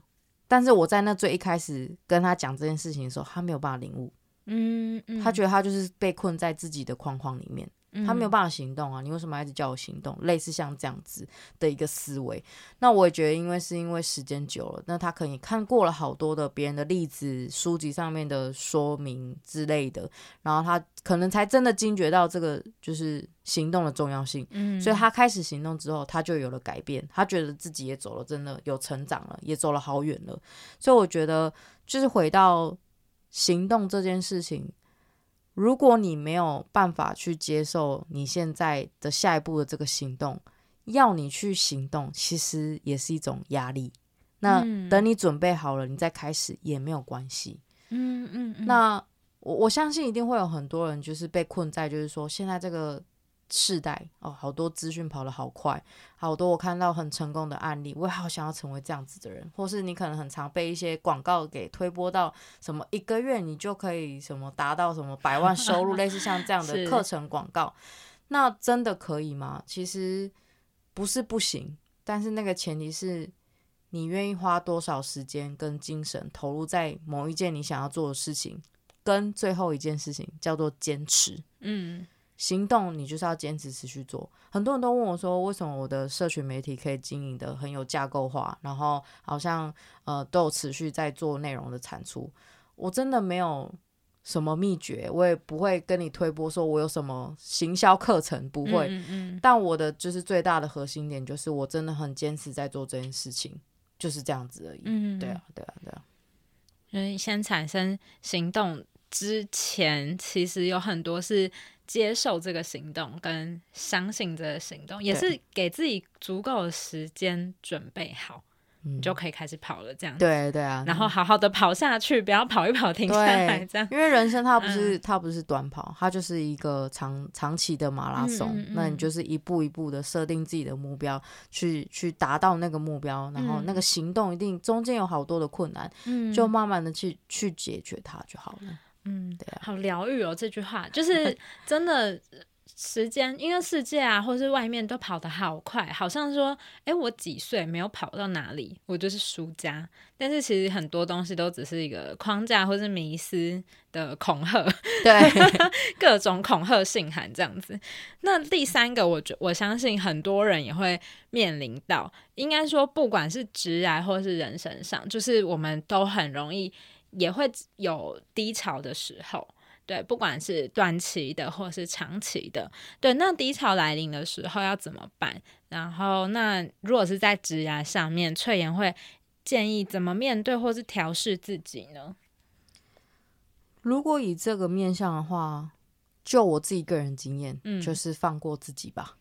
但是我在那最一開始跟他講這件事情的時候，他沒有辦法領悟。嗯，嗯，他覺得他就是被困在自己的框框裡面。他沒有辦法行動啊！你為什麼一直叫我行動？類似像這樣子的一個思維，那我也覺得，因為是因為時間久了，那他可能看過了好多的別人的例子、書籍上面的說明之類的，然後他可能才真的驚覺到這個就是行動的重要性。嗯，所以他開始行動之後，他就有了改變，他覺得自己也走了，真的有成長了，也走了好遠了。所以我覺得，就是回到行動這件事情。如果你沒有辦法去接受你現在的下一步的這個行動，要你去行動，其實也是一種壓力。那等你準備好了，你再開始也沒有關係。嗯嗯，那我我相信一定會有很多人就是被困在，就是說現在這個。世代哦，好多資訊跑得好快，好多我看到很成功的案例，我也好想要成為這樣子的人。或是你可能很常被一些廣告給推播到，什麼一個月你就可以什麼達到什麼百萬收入，類似像這樣的課程廣告， 是那真的可以嗎？其實不是不行，但是那個前提是，你願意花多少時間跟精神投入在某一件你想要做的事情，跟最後一件事情叫做堅持。嗯。行動，你就是要堅持持續做。很多人都問我說，為什麼我的社群媒體可以經營得很有架構化，然後好像呃，都有持續在做內容的產出。我真的沒有什麼秘訣，我也不會跟你推播，說我有什麼行銷課程，不會。嗯嗯嗯，但我的就是最大的核心點，就是我真的很堅持在做這件事情，就是這樣子而已。嗯。對啊，對啊，對啊。因為先產生行動之前，其實有很多是。接受這個行動，跟相信這個行動，也是給自己足夠的時間準備好，對你就可以開始跑了。這樣、嗯、對對啊，然後好好的跑下去，嗯、不要跑一跑停下來。這樣，因為人生它不是、嗯、它不是短跑，它就是一個長、嗯、長期的馬拉松。嗯嗯嗯，那你就是一步一步的設定自己的目標，去去達到那個目標。然後那個行動一定中間有好多的困難，嗯、就慢慢的去去解決它就好了。嗯嗯，對、啊，好療癒哦。這句話就是真的，時間因為世界啊，或是外面都跑得好快，好像說，哎、欸，我幾歲沒有跑到哪裡，我就是輸家。但是其實很多東西都只是一個框架，或是迷思的恐嚇，對， 各種恐嚇信函這樣子。那第三個我，我覺我相信很多人也會面臨到，應該說不管是職涯或是人生上，就是我們都很容易。也會有低潮的時候，對，不管是短期的或是長期的，對。那低潮來臨的時候要怎麼辦？然後，那如果是在職涯上面，脆鹽會建議怎麼面對或是調適自己呢？如果以這個面向的話，就我自己個人的經驗，嗯，就是放過自己吧。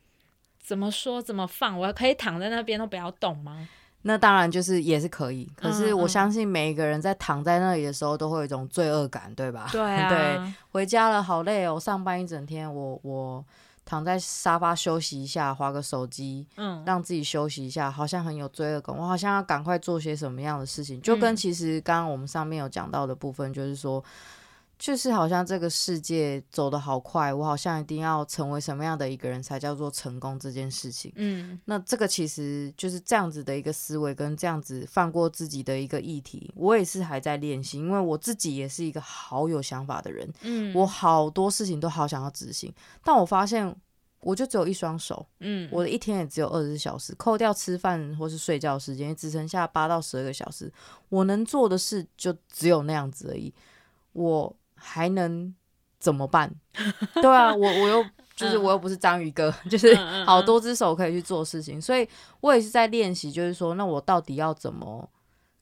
怎麼說怎麼放？我可以躺在那邊都不要動嗎？那當然就是也是可以，可是我相信每一個人在躺在那裡的時候都會有一種罪惡感，嗯嗯，對吧？對、啊、對，回家了，好累哦，我上班一整天我，我我躺在沙發休息一下，滑個手機，嗯，讓自己休息一下，好像很有罪惡感，我好像要趕快做些什麼樣的事情，就跟其實剛剛我們上面有講到的部分，就是說。嗯就是好像這個世界走得好快，我好像一定要成為什麼樣的一個人才叫做成功這件事情。嗯，那這個其實就是這樣子的一個思維，跟這樣子放過自己的一個議題。我也是還在練習，因為我自己也是一個好有想法的人。嗯，我好多事情都好想要執行，但我發現我就只有一雙手。嗯，我的一天也只有二十四小時，扣掉吃飯或是睡覺的時間，只剩下八到十二個小時。我能做的事就只有那樣子而已。我。還能怎麼辦？對啊，我我又就是我又不是章魚哥， 就是好多隻手可以去做事情，所以我也是在練習，就是說，那我到底要怎麼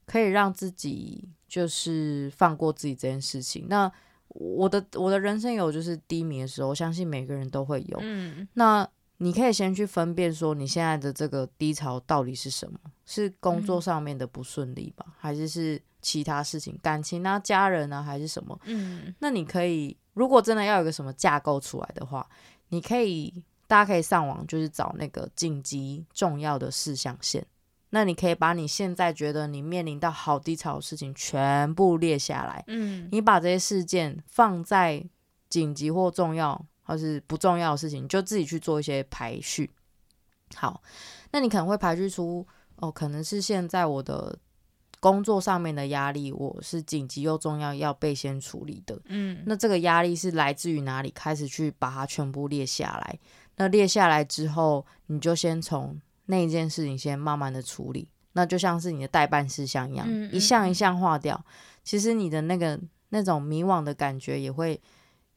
可以讓自己就是放過自己這件事情？那我的我的人生有就是低迷的時候，我相信每個人都會有。嗯，那你可以先去分辨說，你現在的這個低潮到底是什麼？是工作上面的不順利吧，嗯、還是是？其他事情、感情呢、啊、家人呢、啊，還是什麼？嗯，那你可以，如果真的要有個什麼架構出來的話，你可以，大家可以上網，就是找那個緊急重要的事項線。那你可以把你現在覺得你面臨到好低潮的事情全部列下來，嗯，你把這些事件放在緊急或重要，或是不重要的事情，你就自己去做一些排序。好，那你可能會排序出，哦，可能是現在我的。工作上面的壓力，我是緊急又重要要被先處理的。嗯，那這個壓力是來自於哪裡？開始去把它全部列下來。那列下來之後，你就先從那一件事情先慢慢的處理。那就像是你的待辦事項一樣，嗯嗯嗯，一項一項劃掉。其實你的那個那種迷惘的感覺也會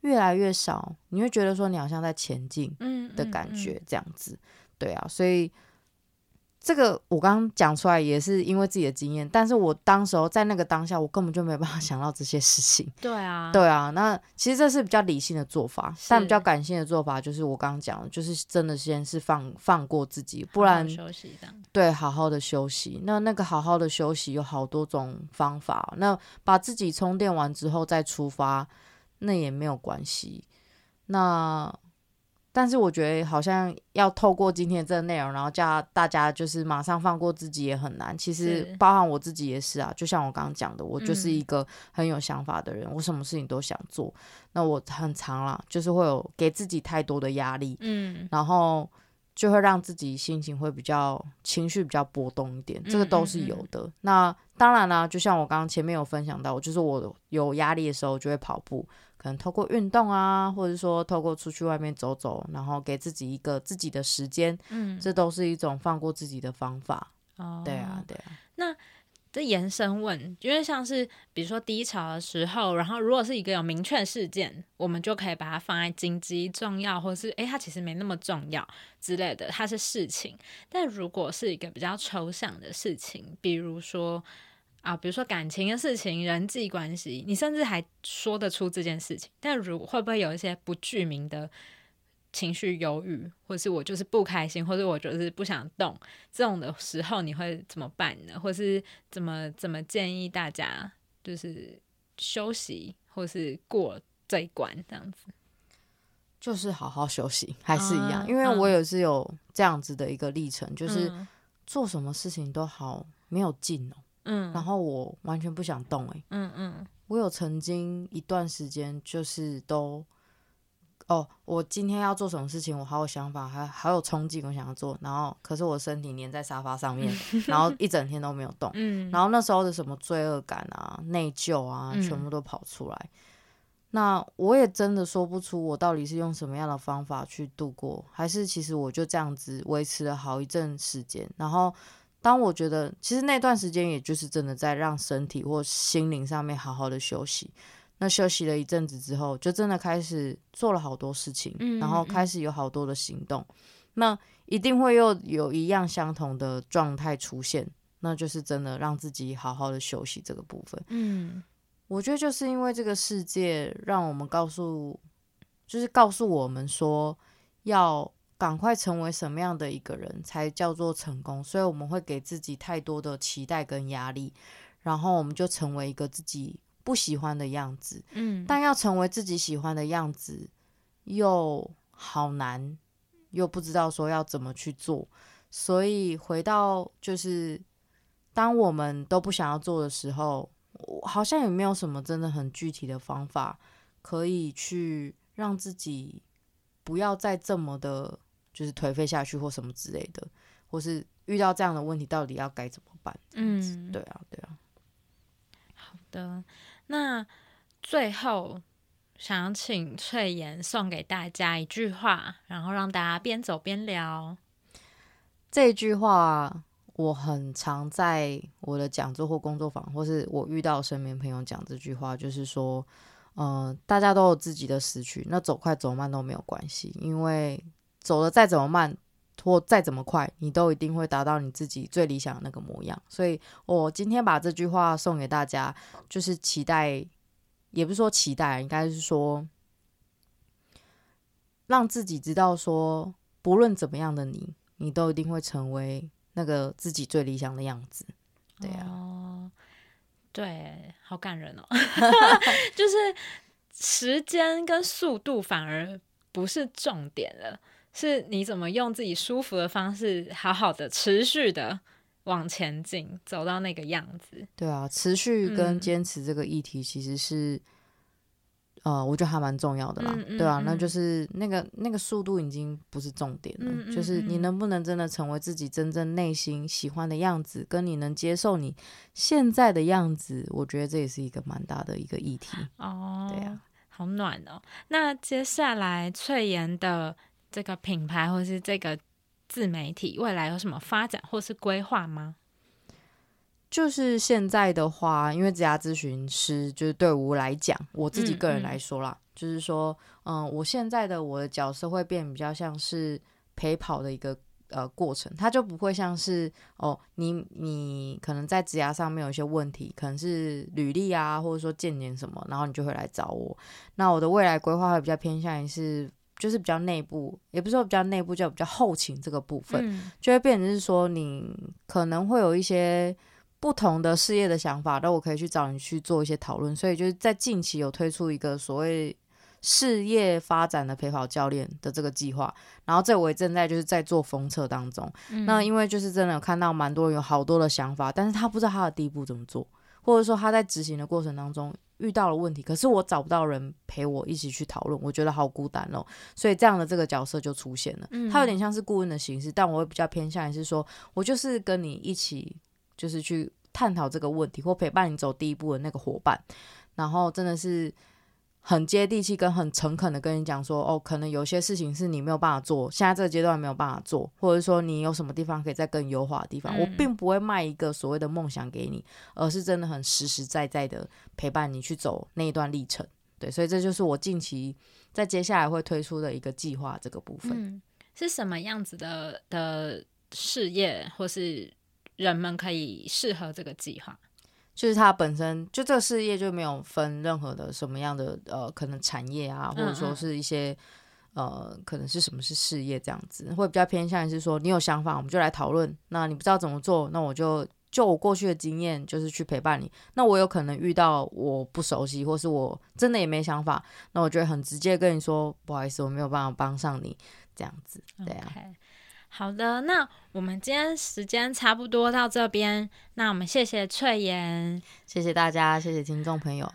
越來越少。你會覺得說你好像在前進的感覺這樣子。嗯嗯嗯，對啊，所以。這個我剛剛講出來也是因為自己的經驗，但是我當時候在那個當下，我根本就沒有辦法想到這些事情。嗯、對啊，對啊。那其實這是比較理性的做法，是但比較感性的做法就是我剛剛講，就是真的先是放放過自己，不然好好休息，對，好好的休息。那那個好好的休息有好多種方法，那把自己充電完之後再出發，那也沒有關係。那。但是我覺得好像要透過今天這個內容，然後叫大家就是馬上放過自己也很難。其實包含我自己也是啊，就像我剛剛講的，我就是一個很有想法的人，嗯、我什麼事情都想做。那我很常啦，就是會有給自己太多的壓力，嗯，然後就會讓自己心情會比較情緒比較波動一點，這個都是有的。嗯嗯嗯那當然啦、啊，就像我剛剛前面有分享到，就是我有壓力的時候就會跑步。嗯，透過運動啊，或者說透過出去外面走走，然後給自己一個自己的時間，嗯，這都是一種放過自己的方法。哦，對啊，對啊。那這延伸問，因為像是比如說低潮的時候，然後如果是一個有明確事件，我們就可以把它放在緊急重要，或是哎，它其實沒那麼重要之類的，它是事情。但如果是一個比較抽象的事情，比如說。啊，比如說感情的事情、人際關係，你甚至還說得出這件事情。但如會不會有一些不具名的情緒、憂鬱，或者是我就是不開心，或者我就是不想動這種的時候，你會怎麼辦呢？或是怎麼怎麼建議大家就是休息，或是過這一關這樣子？就是好好休息，還是一樣，啊，因為我也是有這樣子的一個歷程，嗯，就是做什麼事情都好沒有勁哦。嗯，然後我完全不想動誒、欸嗯，嗯嗯，我有曾經一段時間就是都，哦，我今天要做什麼事情，我好有想法，還好有衝勁，我想要做。然後，可是我身體黏在沙發上面， 然後一整天都沒有動。嗯，然後那時候的什麼罪惡感啊、內疚啊，全部都跑出來。嗯、那我也真的說不出我到底是用什麼樣的方法去度過，還是其實我就這樣子維持了好一陣時間，然後。當我覺得，其實那段時間也就是真的在讓身體或心靈上面好好的休息。那休息了一陣子之後，就真的開始做了好多事情，嗯嗯嗯，然後開始有好多的行動。那一定會又有一樣相同的狀態出現，那就是真的讓自己好好的休息這個部分。嗯，我覺得就是因為這個世界讓我們告訴，就是告訴我們說要。趕快成為什麼樣的一個人才叫做成功？所以我們會給自己太多的期待跟壓力，然後我們就成為一個自己不喜歡的樣子。嗯，但要成為自己喜歡的樣子，又好難，又不知道說要怎麼去做。所以回到就是，當我們都不想要做的時候，好像也沒有什麼真的很具體的方法可以去讓自己不要再這麼的。就是頹廢下去或什麼之類的，或是遇到這樣的問題，到底要該怎麼辦？嗯，對啊，對啊。好的，那最後想請脆鹽送給大家一句話，然後讓大家邊走邊療。這句話我很常在我的講座或工作坊，或是我遇到身邊朋友講這句話，就是說，嗯、呃，大家都有自己的時區，那走快走慢都沒有關係，因為。走得再怎麼慢，或再怎麼快，你都一定會達到你自己最理想的那個模樣。所以我今天把這句話送給大家，就是期待，也不是說期待，應該是說，讓自己知道說，不論怎麼樣的你，你都一定會成為那個自己最理想的樣子。對呀、啊哦，對，好感人哦， 就是時間跟速度反而不是重點了。是你怎麼用自己舒服的方式，好好的持續的往前進，走到那個樣子。對啊，持續跟堅持這個議題其實是，嗯、呃，我覺得還蠻重要的啦。嗯嗯、對啊，那就是那個那個速度已經不是重點了，嗯、就是你能不能真的成為自己真正內心喜歡的樣子，嗯、跟你能接受你現在的樣子，我覺得這也是一個蠻大的一個議題。哦，對啊，好暖哦。那接下來脆鹽的這個品牌或是這個自媒體未來有什麼發展或是規劃嗎？就是現在的話，因為職涯諮詢師，就是對我來講，我自己個人來說啦，嗯、就是說，嗯、呃，我現在的我的角色會變比較像是陪跑的一個呃過程，它就不會像是哦，你你可能在職涯上面有一些問題，可能是履歷啊，或者說見年什麼，然後你就會來找我。那我的未來規劃會比較偏向於是。就是比較內部，也不是說比較內部，就比較後勤這個部分，嗯、就會變成是說你可能會有一些不同的事業的想法，那我可以去找你去做一些討論。所以就是在近期有推出一個所謂事業發展的陪跑教練的這個計劃，然後這我也正在就是在做封測當中。嗯、那因為就是真的有看到蠻多人有好多的想法，但是他不知道他的第一步怎麼做，或者說他在執行的過程當中。遇到了問題，可是我找不到人陪我一起去討論，我覺得好孤單哦。所以這樣的這個角色就出現了，它、嗯、有點像是顧問的形式，但我會比較偏向於是說，我就是跟你一起，就是去探討這個問題，或陪伴你走第一步的那個夥伴，然後真的是。很接地氣跟很誠懇的跟你講說，哦，可能有些事情是你沒有辦法做，現在這個階段沒有辦法做，或者說你有什麼地方可以再更優化的地方，嗯。我並不會賣一個所謂的夢想給你，而是真的很實實在在在的陪伴你去走那一段歷程。對，所以這就是我近期在接下來會推出的一個計劃這個部分，嗯，是什麼樣子的的事業或是人們可以適合這個計劃？就是他本身就這個事業就沒有分任何的什麼樣的呃可能產業啊，或者說是一些呃可能是什麼是事業這樣子，會比較偏向於是說你有想法，我們就來討論。那你不知道怎麼做，那我就就我過去的經驗就是去陪伴你。那我有可能遇到我不熟悉，或是我真的也沒想法，那我就會很直接跟你說，不好意思，我沒有辦法幫上你這樣子，對啊。Okay. 好的，那我們今天時間差不多到這邊，那我們謝謝脆鹽，謝謝大家，謝謝聽眾朋友。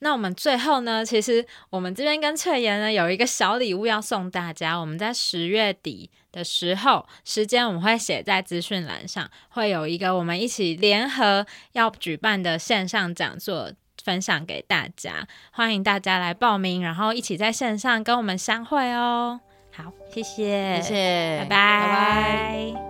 那我們最後呢，其實我們這邊跟脆鹽呢有一個小禮物要送大家，我們在十月底的時候，時間我們會寫在資訊欄上，會有一個我們一起聯合要舉辦的線上講座分享給大家，歡迎大家來報名，然後一起在線上跟我們相會哦。好，謝謝，謝謝，拜拜，拜拜。拜拜。